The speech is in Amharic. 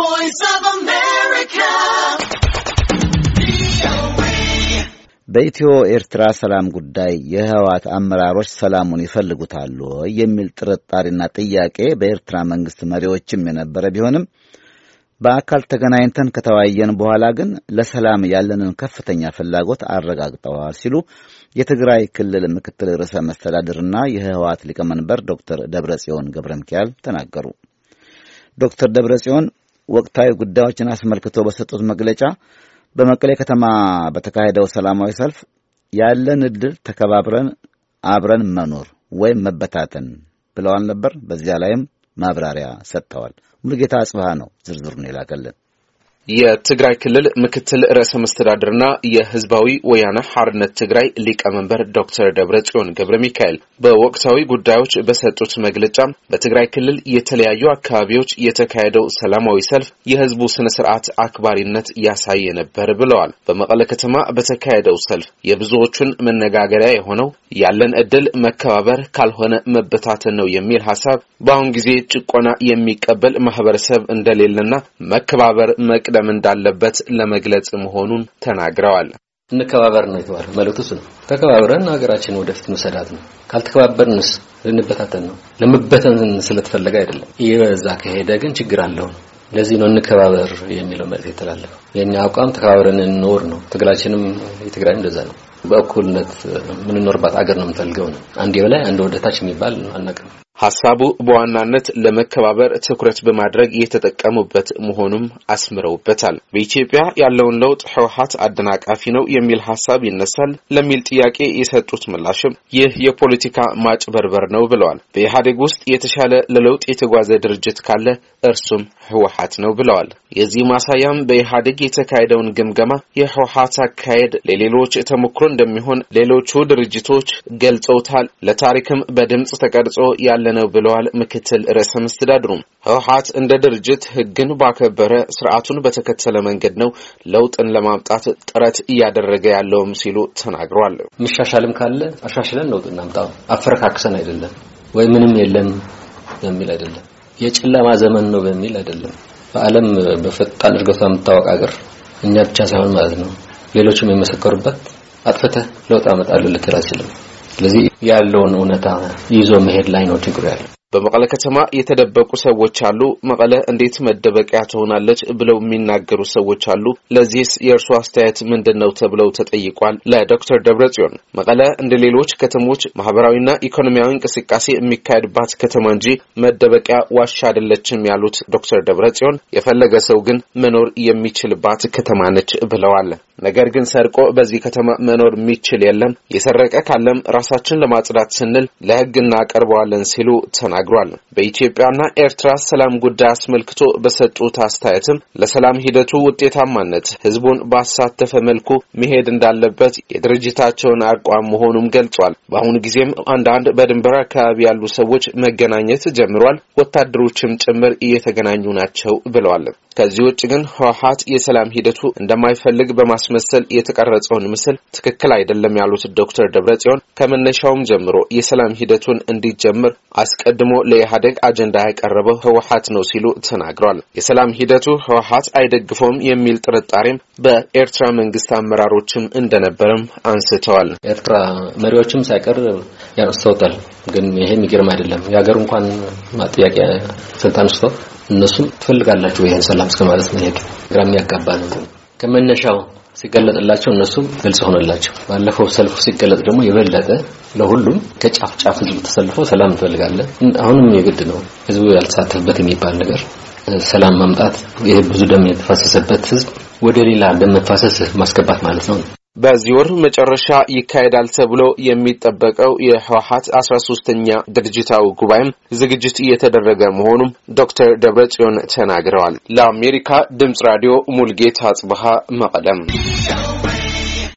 voice of America. በኢትዮ ኤርትራ ሰላም ጉዳይ የህወሓት አመራሮች ሰላሙን ይፈልጉታሉ የሚል ጥርጣሬና ጥያቄ በኤርትራ መንግስት መሪዎችም የነበረ ቢሆንም በአካል ተገናኝተን ከተወያየን በኋላ ግን ለሰላም ያለንን ከፍተኛ ፍላጎት አረጋግጠዋል ሲሉ የትግራይ ክልል ምክትል ርዕሰ መስተዳድርና የህወሓት ሊቀመንበር ዶክተር ደብረጽዮን ገብረ ሚካኤል ተናገሩ። ዶክተር ደብረጽዮን ወቅታዊ ጉዳዮችን አስመልክቶ በሰጡት መግለጫ በመቀሌ ከተማ በተካሄደው ሰላማዊ ሰልፍ ያለን እድል ተከባብረን አብረን መኖር ወይም መበታተን ብለዋል ነበር። በዚያ ላይም ማብራሪያ ሰጥተዋል። ሙሉጌታ አጽብሃ ነው ዝርዝሩን የላከልን። የትግራይ ክልል ምክትል ርዕሰ መስተዳድርና የህዝባዊ ወያነ ሐርነት ትግራይ ሊቀመንበር ዶክተር ደብረ ጽዮን ገብረ ሚካኤል በወቅታዊ ጉዳዮች በሰጡት መግለጫ በትግራይ ክልል የተለያዩ አካባቢዎች የተካሄደው ሰላማዊ ሰልፍ የህዝቡ ስነ ስርዓት አክባሪነት ያሳየ ነበር ብለዋል። በመቀለ ከተማ በተካሄደው ሰልፍ የብዙዎቹን መነጋገሪያ የሆነው ያለን እድል መከባበር ካልሆነ መበታተን ነው የሚል ሀሳብ በአሁን ጊዜ ጭቆና የሚቀበል ማህበረሰብ እንደሌለና መከባበር መቅ መቅደም እንዳለበት ለመግለጽ መሆኑን ተናግረዋል። እንከባበር ነው የተባለ መልእክቱ እሱ ነው። ተከባብረን ሀገራችን ወደፊት መሰዳት ነው። ካልተከባበርንስ ልንበታተን ነው። ለመበተን ስለተፈለገ አይደለም። ይህ በዛ ከሄደ ግን ችግር አለው ለዚህ ነው እንከባበር የሚለው መልእክት የተላለፈው። የኛ አቋም ተከባብረን እንኖር ነው። ትግላችንም የትግራይም እንደዛ ነው። በእኩልነት የምንኖርባት አገር ነው የምንፈልገው ነው። አንድ የበላይ አንድ ወደታች የሚባል አናውቅም። ሀሳቡ በዋናነት ለመከባበር ትኩረት በማድረግ የተጠቀሙበት መሆኑም አስምረውበታል። በኢትዮጵያ ያለውን ለውጥ ህወሀት አደናቃፊ ነው የሚል ሀሳብ ይነሳል ለሚል ጥያቄ የሰጡት ምላሽም ይህ የፖለቲካ ማጭበርበር ነው ብለዋል። በኢህአዴግ ውስጥ የተሻለ ለለውጥ የተጓዘ ድርጅት ካለ እርሱም ህወሀት ነው ብለዋል። የዚህ ማሳያም በኢህአዴግ የተካሄደውን ግምገማ የህወሀት አካሄድ ለሌሎች ተሞክሮ እንደሚሆን ሌሎቹ ድርጅቶች ገልጸውታል። ለታሪክም በድምፅ ተቀርጾ ያለ ነው ብለዋል ምክትል ርዕሰ መስተዳድሩ። ህወሀት እንደ ድርጅት ህግን ባከበረ ስርዓቱን በተከተለ መንገድ ነው ለውጥን ለማምጣት ጥረት እያደረገ ያለውም ሲሉ ተናግሯል። ምሻሻልም ካለ አሻሽለን ለውጥ እናምጣ፣ አፈረካክሰን አይደለም ወይ ምንም የለም በሚል አይደለም፣ የጨለማ ዘመን ነው በሚል አይደለም። በዓለም በፈጣን እድገቷ የምታወቅ ሀገር እኛ ብቻ ሳይሆን ማለት ነው ሌሎችም የመሰከሩበት አጥፍተህ ለውጥ አመጣለሁ ልትል አችልም። ስለዚህ ያለውን እውነታ ይዞ መሄድ ላይ ነው ችግሩ ያለው። በመቀለ ከተማ የተደበቁ ሰዎች አሉ። መቀለ እንዴት መደበቂያ ትሆናለች ብለው የሚናገሩ ሰዎች አሉ። ለዚህስ የእርሱ አስተያየት ምንድን ነው ተብለው ተጠይቋል። ለዶክተር ጽዮን መቀለ እንደ ሌሎች ከተሞች ማህበራዊና ኢኮኖሚያዊ እንቅስቃሴ የሚካሄድባት ከተማ እንጂ መደበቂያ ዋሻ አይደለችም ያሉት ዶክተር ደብረ ጽዮን የፈለገ ሰው ግን መኖር የሚችልባት ከተማ ነች ብለዋል። ነገር ግን ሰርቆ በዚህ ከተማ መኖር የሚችል የለም። የሰረቀ ካለም ራሳችን ለማጽዳት ስንል ለህግ እናቀርበዋለን ሲሉ ተናግ ተናግሯል። በኢትዮጵያና ኤርትራ ሰላም ጉዳይ አስመልክቶ በሰጡት አስተያየትም ለሰላም ሂደቱ ውጤታማነት ህዝቡን ባሳተፈ መልኩ መሄድ እንዳለበት የድርጅታቸውን አቋም መሆኑም ገልጿል። በአሁኑ ጊዜም አንዳንድ በድንበር አካባቢ ያሉ ሰዎች መገናኘት ጀምሯል። ወታደሮችም ጭምር እየተገናኙ ናቸው ብለዋል። ከዚህ ውጭ ግን ህወሀት የሰላም ሂደቱ እንደማይፈልግ በማስመሰል የተቀረጸውን ምስል ትክክል አይደለም ያሉት ዶክተር ደብረጽዮን ከመነሻውም ጀምሮ የሰላም ሂደቱን እንዲጀምር አስቀድሞ ደግሞ ለኢህአዴግ አጀንዳ ያቀረበው ህወሀት ነው ሲሉ ተናግሯል። የሰላም ሂደቱ ህወሀት አይደግፈውም የሚል ጥርጣሬም በኤርትራ መንግስት አመራሮችም እንደነበረም አንስተዋል። ኤርትራ መሪዎችም ሳይቀር ያነስተውታል። ግን ይሄ የሚገርም አይደለም። የሀገር እንኳን ማጥያቄ ስልጣን ስቶ እነሱም ትፈልጋላችሁ ይህን ሰላም እስከ ማለት ነው። ግራ የሚያጋባ ነው ከመነሻው ሲገለጥላቸው እነሱም ግልጽ ሆነላቸው። ባለፈው ሰልፉ ሲገለጥ ደግሞ የበለጠ ለሁሉም ከጫፍ ጫፍ ህዝቡ ተሰልፎ ሰላም እንፈልጋለን። አሁንም የግድ ነው ህዝቡ ያልተሳተፍበት የሚባል ነገር ሰላም ማምጣት ይህ ብዙ ደም የተፋሰሰበት ህዝብ ወደ ሌላ ደም መፋሰስ ማስገባት ማለት ነው። በዚህ ወር መጨረሻ ይካሄዳል ተብሎ የሚጠበቀው የህወሀት አስራ ሶስተኛ ድርጅታዊ ጉባኤም ዝግጅት እየተደረገ መሆኑም ዶክተር ደብረ ጽዮን ተናግረዋል። ለአሜሪካ ድምጽ ራዲዮ ሙልጌታ አጽብሃ መቀለም